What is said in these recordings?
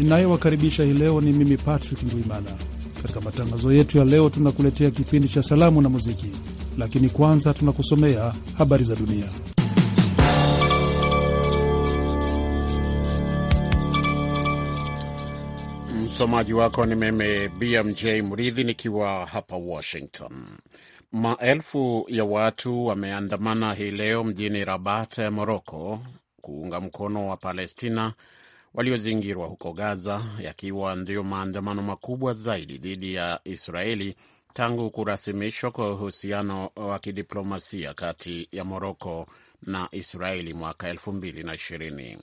ninayewakaribisha hii leo ni mimi Patrick Ndwimana. Katika matangazo yetu ya leo, tunakuletea kipindi cha salamu na muziki, lakini kwanza tunakusomea habari za dunia. Msomaji wako ni mimi BMJ Mridhi nikiwa hapa Washington. Maelfu ya watu wameandamana hii leo mjini Rabat, Moroko, kuunga mkono wa Palestina waliozingirwa huko Gaza, yakiwa ndiyo maandamano makubwa zaidi dhidi ya Israeli tangu kurasimishwa kwa uhusiano wa kidiplomasia kati ya Moroko na Israeli mwaka 2020.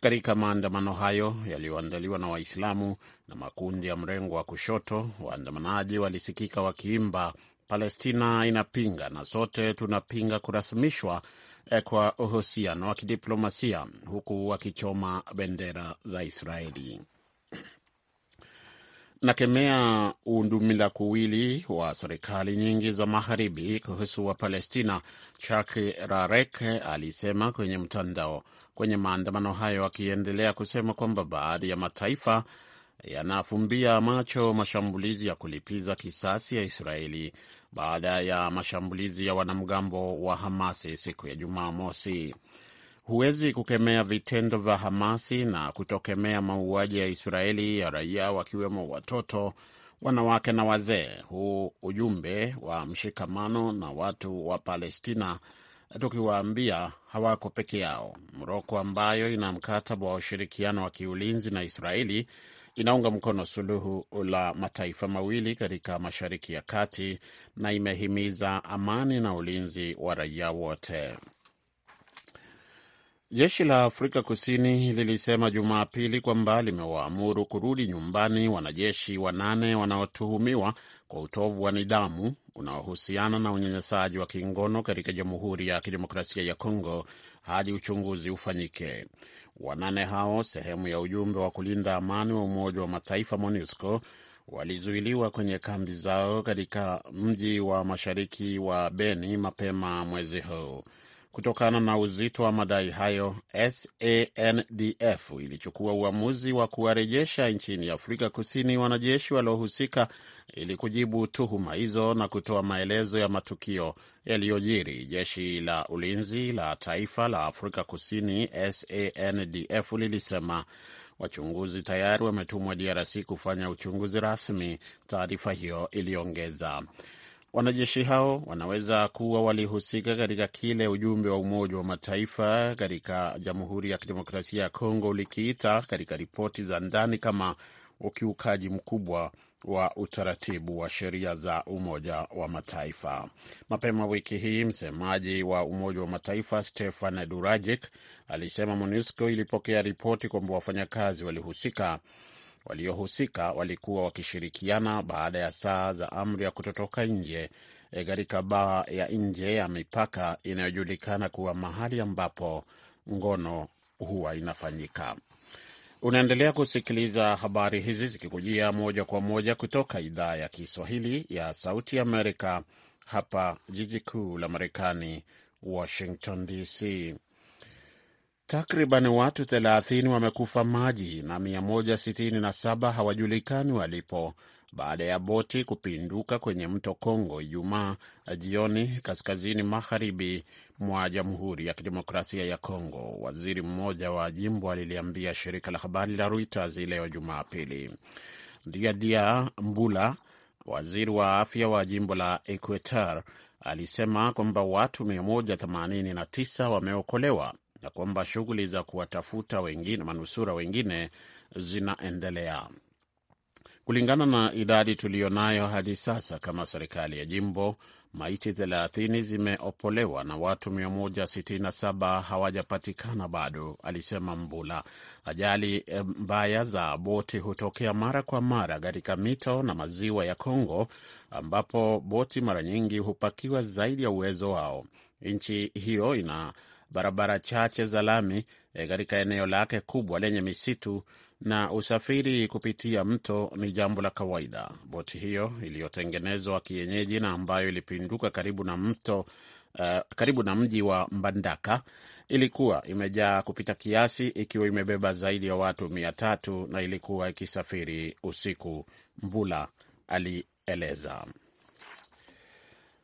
Katika maandamano hayo yaliyoandaliwa na Waislamu na makundi ya mrengo wa kushoto, waandamanaji walisikika wakiimba Palestina inapinga na sote tunapinga kurasimishwa Eh, kwa uhusiano wa kidiplomasia huku wakichoma bendera za Israeli. Nakemea undumila kuwili wa serikali nyingi za magharibi kuhusu Wapalestina, Chak Rarek alisema kwenye mtandao kwenye maandamano hayo, akiendelea kusema kwamba baadhi ya mataifa yanafumbia macho mashambulizi ya kulipiza kisasi ya Israeli baada ya mashambulizi ya wanamgambo wa Hamasi siku ya Jumamosi. Huwezi kukemea vitendo vya Hamasi na kutokemea mauaji ya Israeli ya raia wakiwemo watoto, wanawake na wazee. Huu ujumbe wa mshikamano na watu wa Palestina tukiwaambia hawako peke yao. Moroko ambayo ina mkataba wa ushirikiano wa kiulinzi na Israeli inaunga mkono suluhu la mataifa mawili katika Mashariki ya Kati na imehimiza amani na ulinzi wa raia wote. Jeshi la Afrika Kusini lilisema Jumapili kwamba limewaamuru kurudi nyumbani wanajeshi wanane wanaotuhumiwa kwa utovu wa nidhamu unaohusiana na unyanyasaji wa kingono katika Jamhuri ya Kidemokrasia ya Kongo hadi uchunguzi ufanyike. Wanane hao sehemu ya ujumbe wa kulinda amani wa Umoja wa Mataifa MONUSCO walizuiliwa kwenye kambi zao katika mji wa mashariki wa Beni mapema mwezi huu. Kutokana na uzito wa madai hayo, SANDF ilichukua uamuzi wa kuwarejesha nchini Afrika Kusini wanajeshi waliohusika ili kujibu tuhuma hizo na kutoa maelezo ya matukio yaliyojiri. Jeshi la ulinzi la taifa la Afrika Kusini SANDF lilisema wachunguzi tayari wametumwa DRC kufanya uchunguzi rasmi, taarifa hiyo iliongeza. Wanajeshi hao wanaweza kuwa walihusika katika kile ujumbe wa Umoja wa Mataifa katika Jamhuri ya Kidemokrasia ya Kongo ulikiita katika ripoti za ndani kama ukiukaji mkubwa wa utaratibu wa sheria za Umoja wa Mataifa. Mapema wiki hii, msemaji wa Umoja wa Mataifa Stefan Durajik alisema MONUSCO ilipokea ripoti kwamba wafanyakazi walihusika waliohusika walikuwa wakishirikiana baada ya saa za amri ya kutotoka nje eh, katika baa ya nje ya mipaka inayojulikana kuwa mahali ambapo ngono huwa inafanyika. Unaendelea kusikiliza habari hizi zikikujia moja kwa moja kutoka idhaa ya Kiswahili ya Sauti Amerika, hapa jiji kuu la Marekani, Washington DC. Takriban watu 30 wamekufa maji na 167 hawajulikani walipo baada ya boti kupinduka kwenye mto Kongo Ijumaa jioni kaskazini magharibi mwa Jamhuri ya Kidemokrasia ya Kongo, waziri mmoja wa jimbo aliliambia shirika la habari la Reuters leo Jumapili. Diadia Mbula, waziri wa afya wa jimbo la Equateur, alisema kwamba watu 189 wameokolewa na kwamba shughuli za kuwatafuta wengine manusura wengine zinaendelea. Kulingana na idadi tuliyonayo hadi sasa kama serikali ya jimbo, maiti 30 zimeopolewa na watu 167 hawajapatikana bado, alisema Mbula. Ajali eh, mbaya za boti hutokea mara kwa mara katika mito na maziwa ya Kongo, ambapo boti mara nyingi hupakiwa zaidi ya uwezo wao. Nchi hiyo ina barabara chache za lami eh, katika eneo lake kubwa lenye misitu na usafiri kupitia mto ni jambo la kawaida. Boti hiyo iliyotengenezwa kienyeji na ambayo ilipinduka karibu na mto Uh, karibu na mji wa Mbandaka ilikuwa imejaa kupita kiasi ikiwa imebeba zaidi ya watu mia tatu na ilikuwa ikisafiri usiku, Mbula alieleza.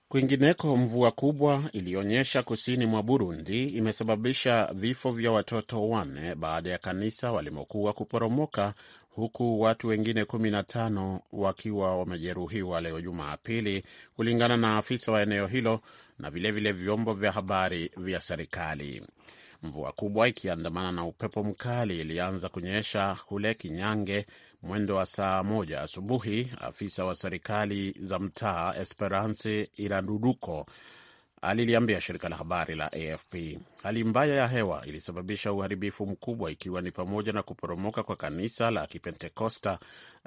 Kwingineko, mvua kubwa iliyonyesha kusini mwa Burundi imesababisha vifo vya watoto wanne baada ya kanisa walimokuwa kuporomoka huku watu wengine 15 wakiwa wamejeruhiwa leo Jumapili, kulingana na afisa wa eneo hilo na vilevile vile vyombo vya habari vya serikali. Mvua kubwa ikiandamana na upepo mkali ilianza kunyesha kule Kinyange mwendo wa saa moja asubuhi, afisa wa serikali za mtaa Esperance Iraduduko aliliambia shirika la habari la AFP hali mbaya ya hewa ilisababisha uharibifu mkubwa, ikiwa ni pamoja na kuporomoka kwa kanisa la Kipentekosta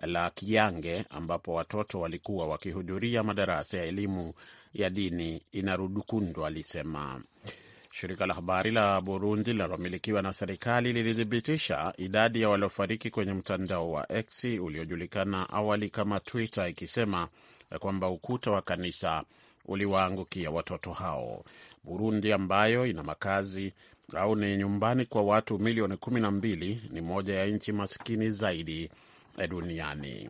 la Kiange ambapo watoto walikuwa wakihudhuria madarasa ya elimu ya dini. Inarudukundwa alisema Shirika la habari la Burundi linalomilikiwa na serikali lilithibitisha idadi ya waliofariki kwenye mtandao wa X uliojulikana awali kama Twitter, ikisema kwamba ukuta wa kanisa uliwaangukia watoto hao. Burundi ambayo ina makazi au ni nyumbani kwa watu milioni 12 ni moja ya nchi masikini zaidi duniani.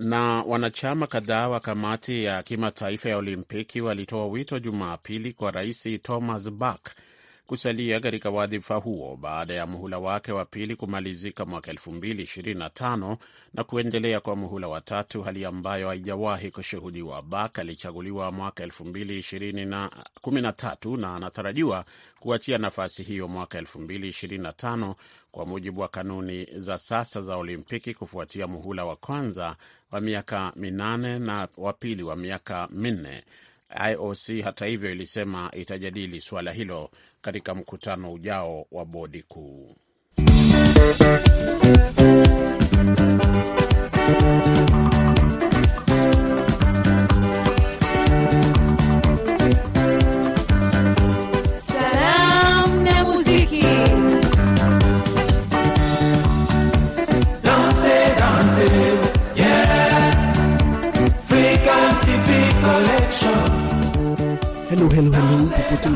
Na wanachama kadhaa wa kamati ya kimataifa ya Olimpiki walitoa wito Jumapili kwa Rais Thomas Bach kusalia katika wadhifa huo baada ya muhula wake wa pili kumalizika mwaka 2025 na kuendelea kwa muhula wa tatu, hali ambayo haijawahi kushuhudiwa. Bak alichaguliwa mwaka 2013 na anatarajiwa kuachia nafasi hiyo mwaka 2025 kwa mujibu wa kanuni za sasa za Olimpiki, kufuatia muhula wa kwanza wa miaka minane na wa pili wa miaka minne. IOC hata hivyo, ilisema itajadili suala hilo katika mkutano ujao wa bodi kuu. Helo, helo, helo popote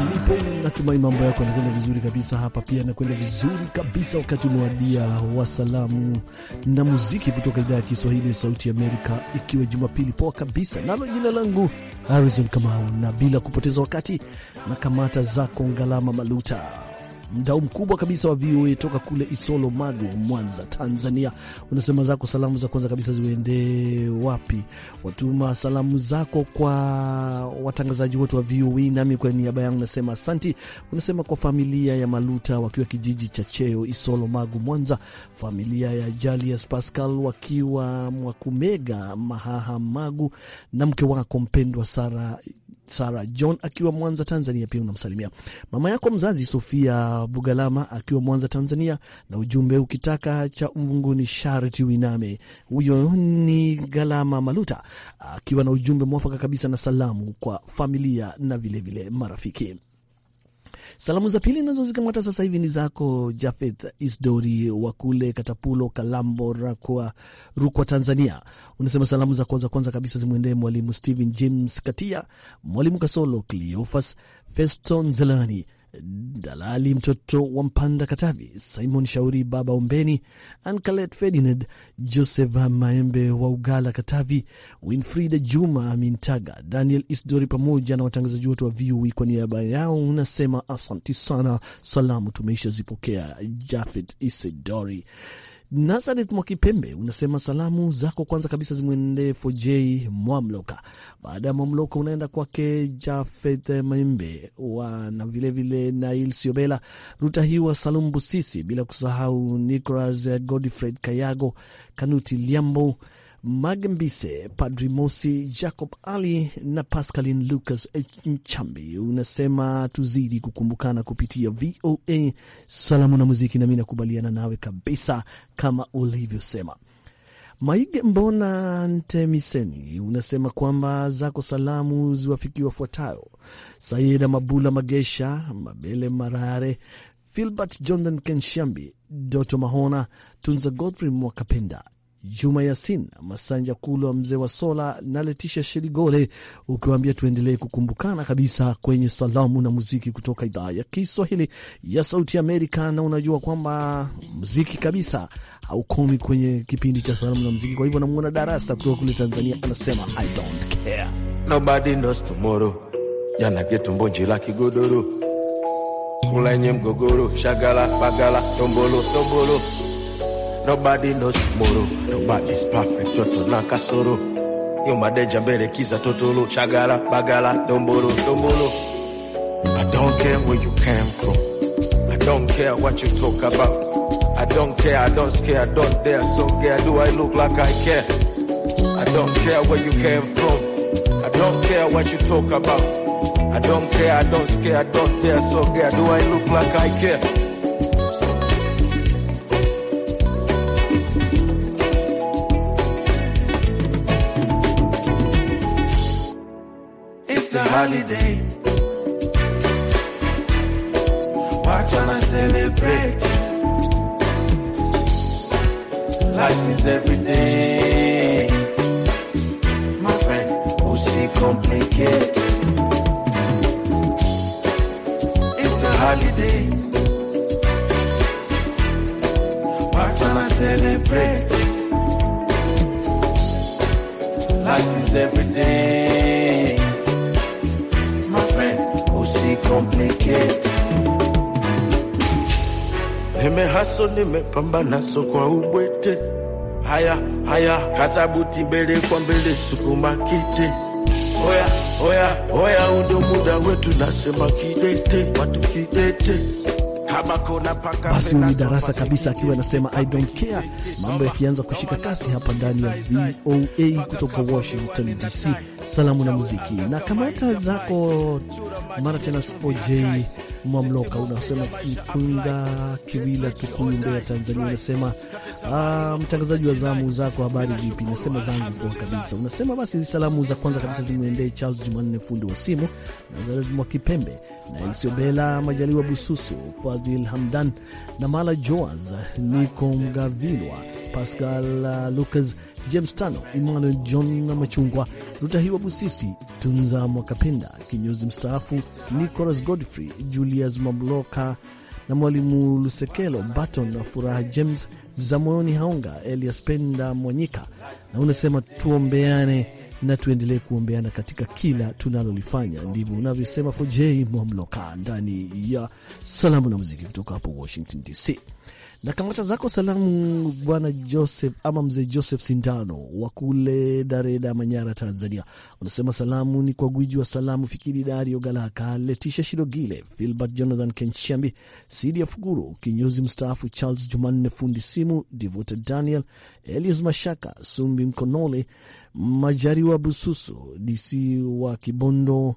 Natumai mambo yako yanakwenda vizuri kabisa. Hapa pia yanakwenda vizuri kabisa. Wakati umewadia wa salamu na muziki kutoka idhaa ya Kiswahili ya Sauti Amerika, ikiwa Jumapili poa kabisa, nalo jina langu Harrison Kamau, na bila kupoteza wakati na kamata zako Ngalama Maluta mdau mkubwa kabisa wa VOA toka kule Isolo, Magu, Mwanza, Tanzania. Unasema zako salamu za kwanza kabisa ziende wapi? Watuma salamu zako kwa watangazaji wote wa VOA, nami kwa niaba yangu nasema asanti. Unasema kwa familia ya Maluta wakiwa kijiji cha Cheo, Isolo, Magu, Mwanza, familia ya Jalias Pascal wakiwa Mwakumega, Mahaha, Magu, na mke wako mpendwa Sara Sara John akiwa Mwanza, Tanzania, pia unamsalimia mama yako mzazi Sofia Bugalama akiwa Mwanza, Tanzania, na ujumbe ukitaka cha mvunguni sharti winame. Huyo ni Galama Maluta akiwa na ujumbe mwafaka kabisa na salamu kwa familia na vilevile vile marafiki. Salamu za pili nazo zikamata sasa hivi ni zako Jafeth Isdori wa kule Katapulo, Kalambo, Rakwa, Rukwa, Tanzania. Unasema salamu za kwanza kwanza kabisa zimwendee Mwalimu Stephen James Katia, Mwalimu Kasolo, Cleofas Feston Zelani, Dalali mtoto wa Mpanda Katavi, Simon Shauri baba umbeni Ankalet Ferdinand, Joseph Maembe wa Ugala Katavi, Winfrida Juma Mintaga, Daniel Isdori pamoja na watangazaji wote wa VOA. E kwa niaba yao unasema asanti sana. Salamu tumeisha zipokea. Jafet Isidori Nazareth Mwakipembe unasema salamu zako kwanza kabisa zimwendee Foj Mwamloka. Baada ya Mwamloka unaenda kwake Jafeth Maembe na vilevile Nail Siobela ruta wa Salum Busisi, bila kusahau Nicolas Godfred Kayago Kanuti Liambo Magembise, Padri Mosi, Jacob Ali na Pascalin Lucas Nchambi, unasema tuzidi kukumbukana kupitia VOA salamu na muziki, nami nakubaliana nawe kabisa kama ulivyosema. Maige Mbona Ntemiseni unasema kwamba zako salamu ziwafikie wafuatayo: Sayeda Mabula Magesha, Mabele Marare, Filbert Jonathan Kenshambi, Doto Mahona, Tunza Godfrey Mwakapenda, Juma Yasin Masanja Kulwa, mzee wa Sola na Letisha Sherigole, ukiwaambia tuendelee kukumbukana kabisa kwenye salamu na muziki kutoka idhaa ya Kiswahili ya Sauti Amerika. Na unajua kwamba muziki kabisa haukomi kwenye kipindi cha salamu na muziki. Kwa hivyo namuona Darasa kutoka kule Tanzania anasema I don't care nobody knows tomorrow, jana kigodoro kulenye mgogoro shagala bagala tombolo tombolo Nobody knows tomorrow. Nobody's perfect. Toto na kasoro. Yo deja mbele kiza totolo. Chagala, bagala, dombolo, dombolo. I don't care where you came from. I don't care what you talk about. I don't care, I don't care, I don't dare. So care, do I look like I care? I don't care where you came from. I don't care what you talk about. I don't care, I don't care, I don't dare. So care, do I look like I care? holiday. Why can't I celebrate? Life is every day. My friend, pussy complicate. It's a holiday. Why can't I celebrate? Life is every day. complicated. Nimehaso, nimepambana so kwa ubwete. Haya haya, kasabuti mbele kwa mbele, sukuma kite. Oya oya oya, undo muda wetu, nasema kidete, watu kidete Basi ni darasa kabisa akiwa anasema I don't care, mambo yakianza kushika kasi hapa ndani ya VOA kutoka Washington DC. Salamu na muziki na kamata zako mara tena, OJ Mwamloka, unasema Mkunga Kiwila, Tukuyu, Mbeya, Tanzania, unasema Uh, mtangazaji wa zamu zako, habari vipi? Nasema zangu poa kabisa. Unasema basi salamu za kwanza kabisa zimwendee Charles Jumanne fundi wa simu, Nazareth mwa Kipembe na Isiobela Majaliwa Bususu, Fadhil Hamdan na Mala Joas, Niko Mgavilwa, Pascal uh, Lucas, James Tano, Emmanuel John na Machungwa Rutahiwa Busisi, Tunza Mwakapenda kinyozi mstaafu, Nicolas Godfrey, Julius Mabloka na Mwalimu Lusekelo Baton na Furaha James za moyoni haonga Elias Penda Mwanyika, na unasema tuombeane na tuendelee kuombeana katika kila tunalolifanya. Ndivyo unavyosema Fojei Mwamloka ndani ya salamu na muziki kutoka hapo Washington DC na kamata zako salamu, Bwana Joseph ama Mzee Joseph Sindano wa kule Dareda, Manyara, Tanzania. Unasema salamu ni kwa gwiji wa salamu Fikiri Dario Galaka, Letisha Shirogile, Filbert Jonathan Kenchambi, Sidi ya Fuguru kinyozi mstaafu, Charles Jumanne fundi simu, Devote Daniel, Elias Mashaka, Sumbi Mkonole, Majariwa Bususu, DC wa Kibondo,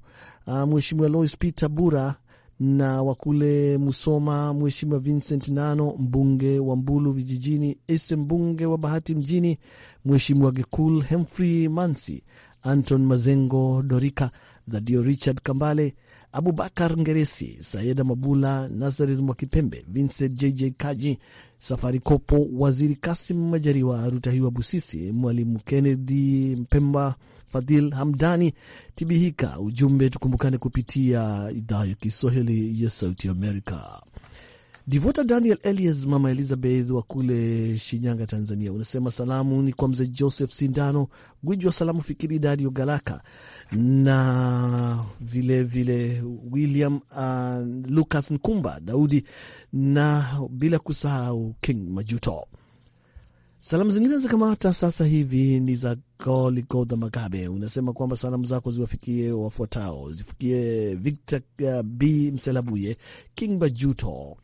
ah, Mheshimiwa Lois Peter Bura na wa kule Musoma, Mheshimiwa Vincent Nano, mbunge wa Mbulu vijijini, Ese mbunge wa Bahati mjini, Mheshimiwa Gekul Hemfrey Mansi, Anton Mazengo, Dorika Thadio Richard Kambale, Abubakar Ngeresi, Sayeda Mabula, Nazaret Mwakipembe, Vincent JJ Kaji, Safari Kopo, Waziri Kasim Majariwa, Rutahiwa Busisi, Mwalimu Kennedy Mpemba Fadhil Hamdani Tibihika. Ujumbe tukumbukane kupitia idhaa ya Kiswahili ya Sauti Amerika. Divota Daniel Elias, mama Elizabeth wa kule Shinyanga, Tanzania, unasema salamu ni kwa mzee Joseph Sindano Gwiji wa salamu, Fikiri Dario Galaka na vilevile vile William uh, Lucas Nkumba Daudi na bila kusahau King Majuto. Salamu zingine za kamata sasa hivi ni za Michael Magabe, unasema kwamba salamu zako ziwafikie wafuatao: zifikie Victor uh, B Mselabuye, King Bajuto uh,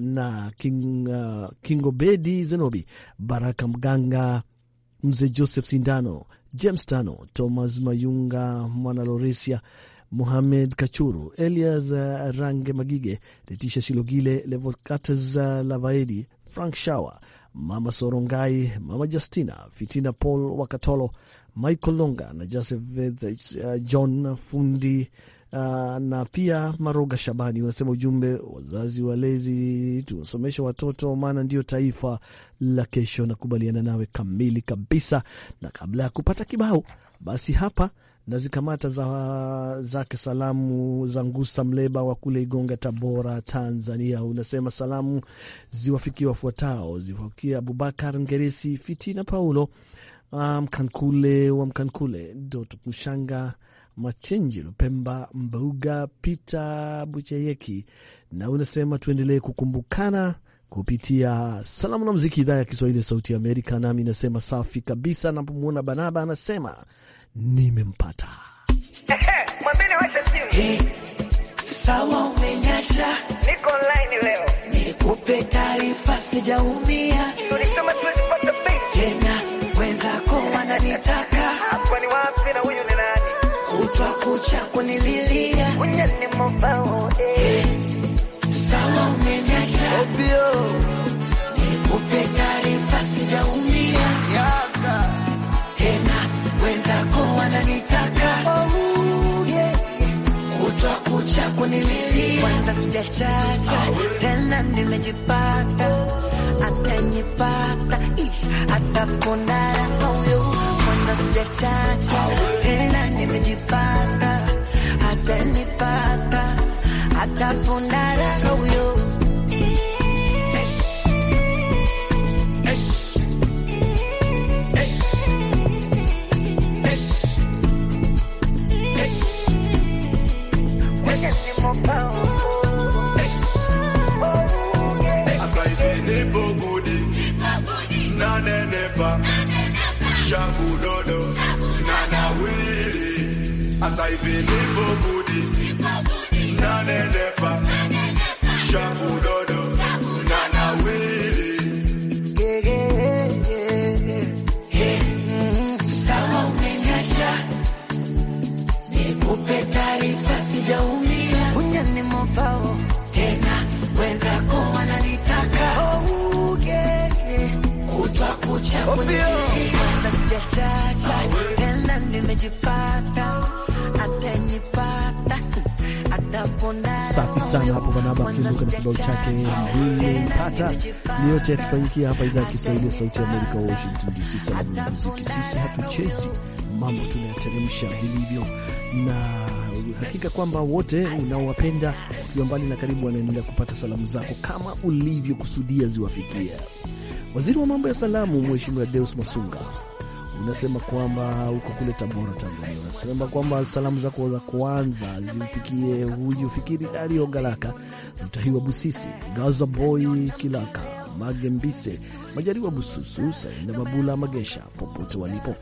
na King, uh, Kingobedi Zenobi, Baraka Mganga, Mzee Joseph Sindano, James Tano, Thomas Mayunga, Mwana Loresia, Muhamed Kachuru, Elias uh, Range Magige, Letisha Shilogile, Levocates uh, Lavaedi, Frank Shawer, Mama Sorongai, Mama Justina Fitina, Paul Wakatolo, Michael Longa na Joseph uh, John Fundi uh, na pia Maroga Shabani. Unasema ujumbe, wazazi walezi, tuwasomeshe watoto, maana ndio taifa la kesho. Nakubaliana nawe kamili kabisa, na kabla ya kupata kibao, basi hapa na zikamata za, zake salamu za Ngusa Mleba wa kule Igonga, Tabora, Tanzania. Unasema salamu ziwafikie wafuatao, ziwafikie Abubakar Ngeresi, Fitina Paulo, Mkankule um, wa Mkankule, Doto Mshanga, Machenji Lupemba, Mbauga Pita Bucheyeki, na unasema tuendelee kukumbukana kupitia salamu na mziki, idhaa ya Kiswahili ya Sauti ya Amerika. Nami nasema safi kabisa. Napomwona Banaba anasema nimempata. Hey, sawa umenyacha, niko online leo, nikupe taarifa, sijaumia tena, wenzako wananitaka kutwa kucha kunililia. Eh. sawa umenyacha unanitaka utakucha kunilili kwanza sijachacha tena nimejipata atanipata ataponara huyo kwanza sijachacha tena nimejipata atanipata ataponara huyo Shabu Dodo, Nana Willy, as I feel Nana Depp. Safi sana hapo Banaba akiondoka na kibao chake nimeipata. Ni yote yakifanyikia hapa idhaa ya Kiswahili ya Sauti ya Amerika, Washington DC. Salamu ya muziki, sisi hatuchezi mambo, tunayateremsha vilivyo na hakika kwamba wote unaowapenda ukiwa mbali na karibu wanaendelea kupata salamu zako kama ulivyokusudia ziwafikia. Waziri wa mambo ya salamu Mheshimiwa Deus Masunga unasema kwamba huko kule Tabora, Tanzania, unasema kwamba salamu zako za kwanza zimfikie huyu fikiri Dario Galaka, Mtahiwa Busisi, Gaza Boy Kilaka Magembise, Majariwa Bususu, Saenda Mabula Magesha popote walipo,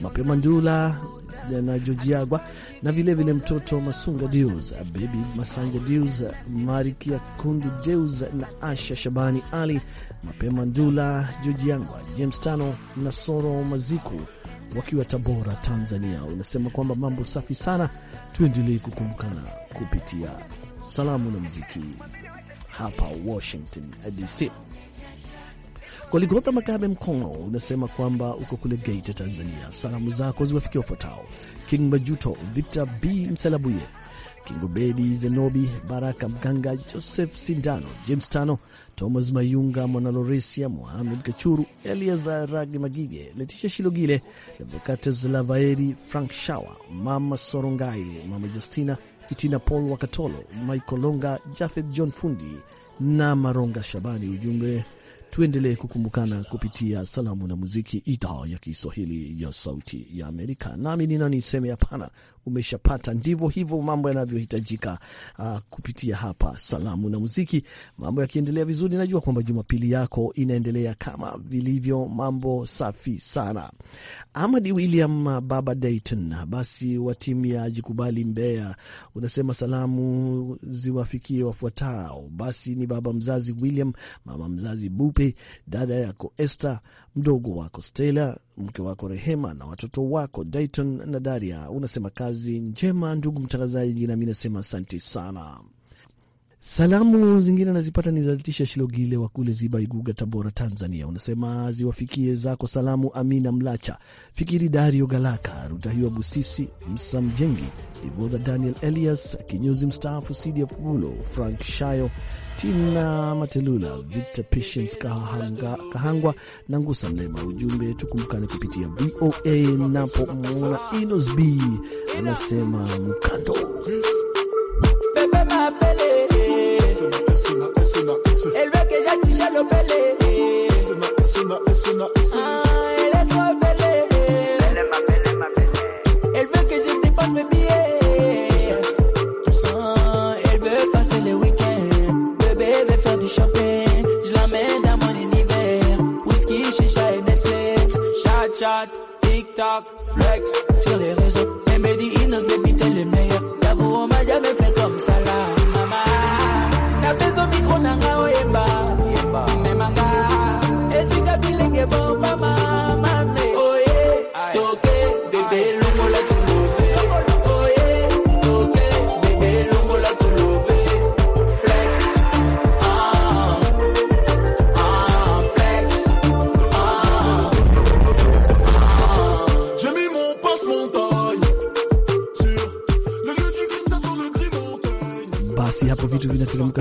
Mapema Ndula na Jojiagwa na vilevile vile mtoto Masunga Dius, Bebi Masanja Deus, Marikia Kundi Deus na Asha Shabani Ali, Mapema Ndula, Jojiagwa, James Tano na Soro Maziku wakiwa Tabora, Tanzania. Unasema kwamba mambo safi sana, tuendelee kukumbukana kupitia salamu na muziki hapa Washington DC. Goligota Magabe Mkongo unasema kwamba uko kule Geita, Tanzania. Salamu zako ziwafikia wafuatao: King Majuto, Victor B Mselabuye, Kingobedi Zenobi, Baraka Mganga, Joseph Sindano, James Tano, Thomas Mayunga, Mwanaloresia, muhamed Kachuru, Eliaza Ragi Magige, Letisha Shilogile, Revocates Lavaeri, Frank Shawa, Mama Sorongai, Mama Justina Itina, Paul Wakatolo, Michael Longa, Jafeth John Fundi na Maronga Shabani. Ujumbe tuendelee kukumbukana kupitia salamu na muziki, idhaa ya Kiswahili ya Sauti ya Amerika. Nami nina niseme hapana, umeshapata. Ndivyo hivyo mambo yanavyohitajika, uh, kupitia hapa salamu na muziki. Mambo yakiendelea vizuri, najua kwamba Jumapili yako inaendelea kama vilivyo, mambo safi sana. Amadi William Baba Dayton, basi wa timu ya Jikubali Mbeya, unasema salamu ziwafikie wafuatao. Basi ni baba mzazi William, mama mzazi Bupi Pepe, dada yako Esther, mdogo wako Stella, mke wako Rehema na watoto wako Dayton na Daria. Unasema kazi njema, ndugu mtangazaji, nami nasema asante sana. Salamu zingine nazipata ni zatisha Shilogile wa kule Ziba, Iguga, Tabora, Tanzania. Unasema ziwafikie zako salamu Amina Mlacha, Fikiri Dario, Galaka Rutahiwa, Busisi Msa Mjengi, Divodha Daniel Elias kinyozi mstaafu, Sidia Fugulo, Frank Shayo Tina Matelula, Victor Patience Kahanga, Kahangwa na Ngusa Mlema. Ujumbe tukumkane kupitia VOA. napo Inos B anasema mkando flex. Sur les réseaux, les médias, nos baby, t'es les meilleurs. J'avoue, on m'a jamais fait comme ça là.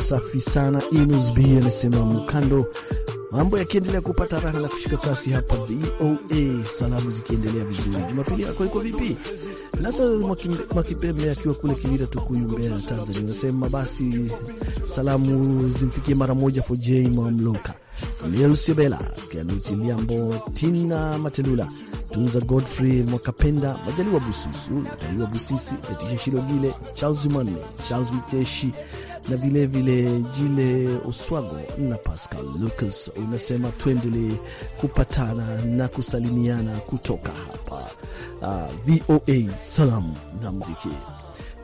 safi sana. Inus B anasema mkando mambo yakiendelea kupata raha na kushika kasi hapa VOA, salamu zikiendelea vizuri. Jumapili yako iko vipi? Nasa Mwakipembe akiwa kule Kivira, Tukuyu, Mbeya, Tanzania, unasema basi salamu zimfikie mara moja FJ Mwamloka, Mamloka, Siobela, Kenuti Liambo, Tina Matelula, Tunza Godfrey Mwakapenda, Majaliwa Bususu, Majaliwa Busisi, Letisha Shirogile, Charles Manne, Charles Mkeshi na vilevile Jile Oswago na Pascal Lucas. Unasema tuendelee kupatana na kusalimiana kutoka hapa uh, ah, VOA Salamu na Muziki.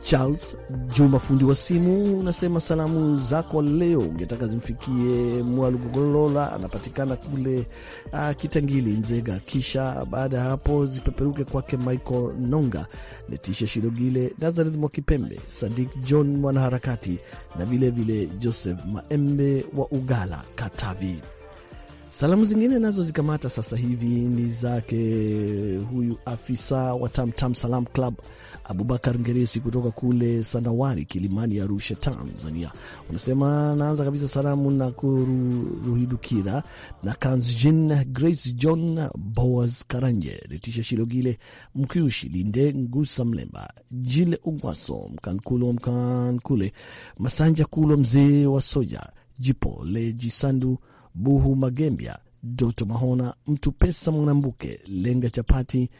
Charles Juma, fundi wa simu, unasema salamu zako leo ungetaka zimfikie Mwalugogolola, anapatikana kule uh, Kitangili, Nzega. Kisha baada ya hapo zipeperuke kwake Michael Nonga, Letisha Shirogile, Nazareth Mwakipembe, Sadik John mwanaharakati na vilevile Joseph Maembe wa Ugala, Katavi. Salamu zingine nazo zikamata sasa hivi ni zake huyu afisa wa Tamtam Salam Club Abubakar Ngeresi kutoka kule Sandawari, Kilimani, Arusha, Tanzania, unasema naanza kabisa salamu na Kuruhidukira na Kansjin Grace John Boas Karanje, Letisha Shilogile, Mkiushi Linde Ngusa Mlemba, Jile Ugwaso Mkankulo Mkankule Masanja Kulo, mzee wa Soja, Jipo Leji Buhu Magembia, Doto Mahona, Mtu Pesa Mwanambuke, Lenga Chapati,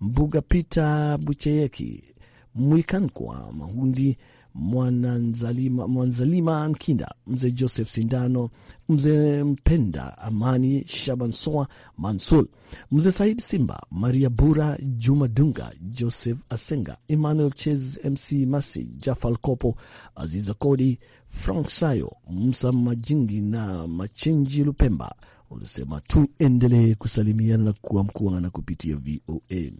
Mbuga Pita Bucheyeki Mwikankwa Mahundi, Mwanzalima, Mwanzalima mze mzee Joseph Sindano, mzee Mpenda Amani, Shabansoa Mansul, mzee Said Simba, Maria Bura, Juma Dunga, Joseph Asenga, Emmanuel Ches, MC Masi, Jafal Kopo, Aziza Kodi, Frank Sayo, Musa Majingi na Machenji Lupemba. Ulisema tuendelee kusalimiana na mkuana kupitia VOA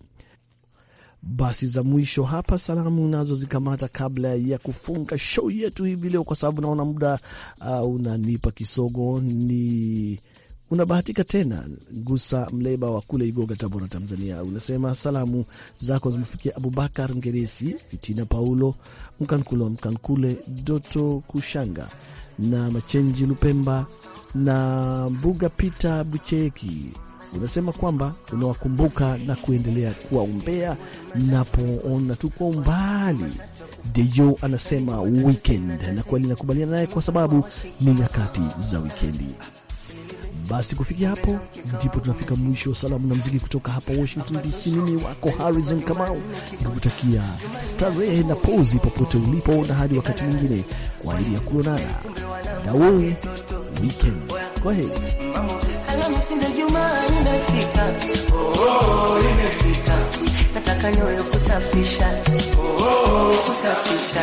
basi za mwisho hapa salamu nazo zikamata kabla ya kufunga show yetu hivi leo, kwa sababu naona muda uh, unanipa kisogo. Ni unabahatika tena, Gusa Mleba wa kule Igoga, Tabora, Tanzania, unasema salamu zako zimefikia Abubakar Ngeresi, Fitina Paulo Mkankule wa Mkankule, Doto Kushanga na Machenji Lupemba na Mbuga Pita Bucheki unasema kwamba unawakumbuka na kuendelea kuwaombea napoona tu kwa umbali. Dejo anasema weekend, na kweli nakubaliana naye kwa sababu ni nyakati za wikendi. Basi kufikia hapo ndipo tunafika mwisho wa salamu na mziki kutoka hapa Washington DC. Mimi wako Harrison Kamau nikikutakia starehe na pozi popote ulipo, na hadi wakati mwingine, kwa ajili ya kuonana na wewe weekend. Kwa heri. Sinda Juma imefika, oh, imefika. Nataka nyoyo kusafisha, oh, kusafisha.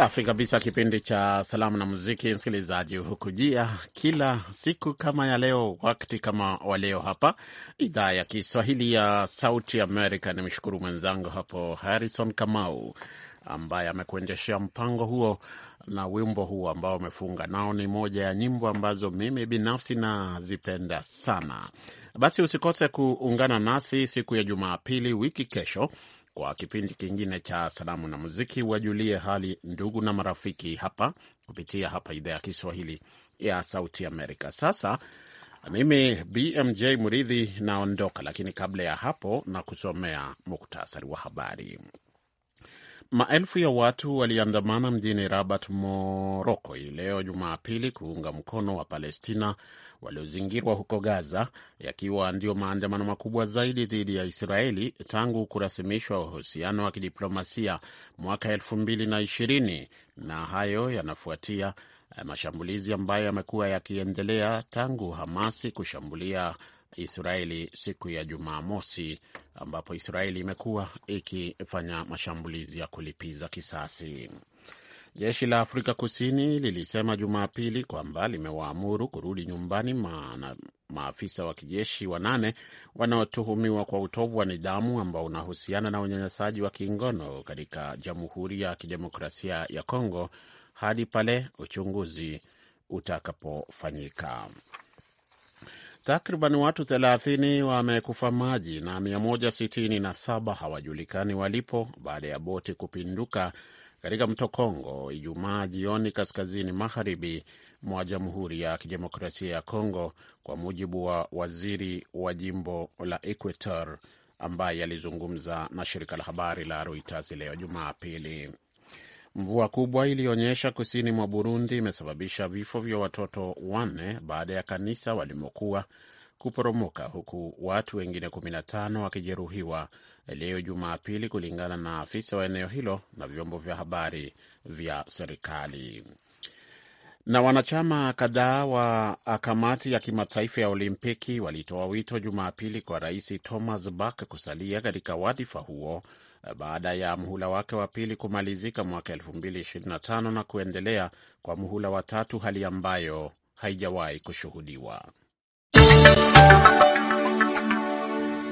Safi kabisa. Kipindi cha salamu na muziki, msikilizaji, hukujia kila siku kama ya leo, wakati kama wa leo, hapa idhaa ya Kiswahili ya Sauti Amerika. Nimshukuru mwenzangu hapo Harrison Kamau ambaye amekuendeshea mpango huo na wimbo huo ambao umefunga nao ni moja ya nyimbo ambazo mimi binafsi nazipenda sana. Basi usikose kuungana nasi siku ya Jumapili wiki kesho kwa kipindi kingine cha salamu na muziki. Wajulie hali ndugu na marafiki hapa kupitia hapa idhaa ya Kiswahili ya Sauti Amerika. Sasa mimi BMJ Muridhi naondoka, lakini kabla ya hapo na kusomea muktasari wa habari. Maelfu ya watu waliandamana mjini Rabat, Moroko, hii leo Jumapili kuunga mkono wa Palestina waliozingirwa huko Gaza, yakiwa ndio maandamano makubwa zaidi dhidi ya Israeli tangu kurasimishwa uhusiano wa kidiplomasia mwaka elfu mbili na ishirini, na hayo yanafuatia eh, mashambulizi ambayo yamekuwa yakiendelea tangu Hamasi kushambulia Israeli siku ya Jumamosi, ambapo Israeli imekuwa ikifanya mashambulizi ya kulipiza kisasi. Jeshi la Afrika Kusini lilisema Jumapili kwamba limewaamuru kurudi nyumbani maana maafisa wa kijeshi wanane wanaotuhumiwa kwa utovu wa nidhamu ambao unahusiana na unyanyasaji wa kingono katika Jamhuri ya Kidemokrasia ya Kongo hadi pale uchunguzi utakapofanyika. Takriban watu 30 wamekufa maji na 167 hawajulikani walipo baada ya boti kupinduka katika mto Kongo Ijumaa jioni kaskazini magharibi mwa Jamhuri ya Kidemokrasia ya Kongo, kwa mujibu wa waziri wa jimbo la Equator ambaye alizungumza na shirika la habari la Reuters leo Jumapili. Mvua kubwa iliyonyesha kusini mwa Burundi imesababisha vifo vya watoto wanne baada ya kanisa walimokuwa kuporomoka huku watu wengine 15 wakijeruhiwa leo Jumapili, kulingana na afisa wa eneo hilo na vyombo vya habari vya serikali. Na wanachama kadhaa wa kamati ya kimataifa ya Olimpiki walitoa wito Jumapili kwa rais Thomas Bach kusalia katika wadhifa huo baada ya mhula wake wa pili kumalizika mwaka 2025 na kuendelea kwa mhula wa tatu, hali ambayo haijawahi kushuhudiwa.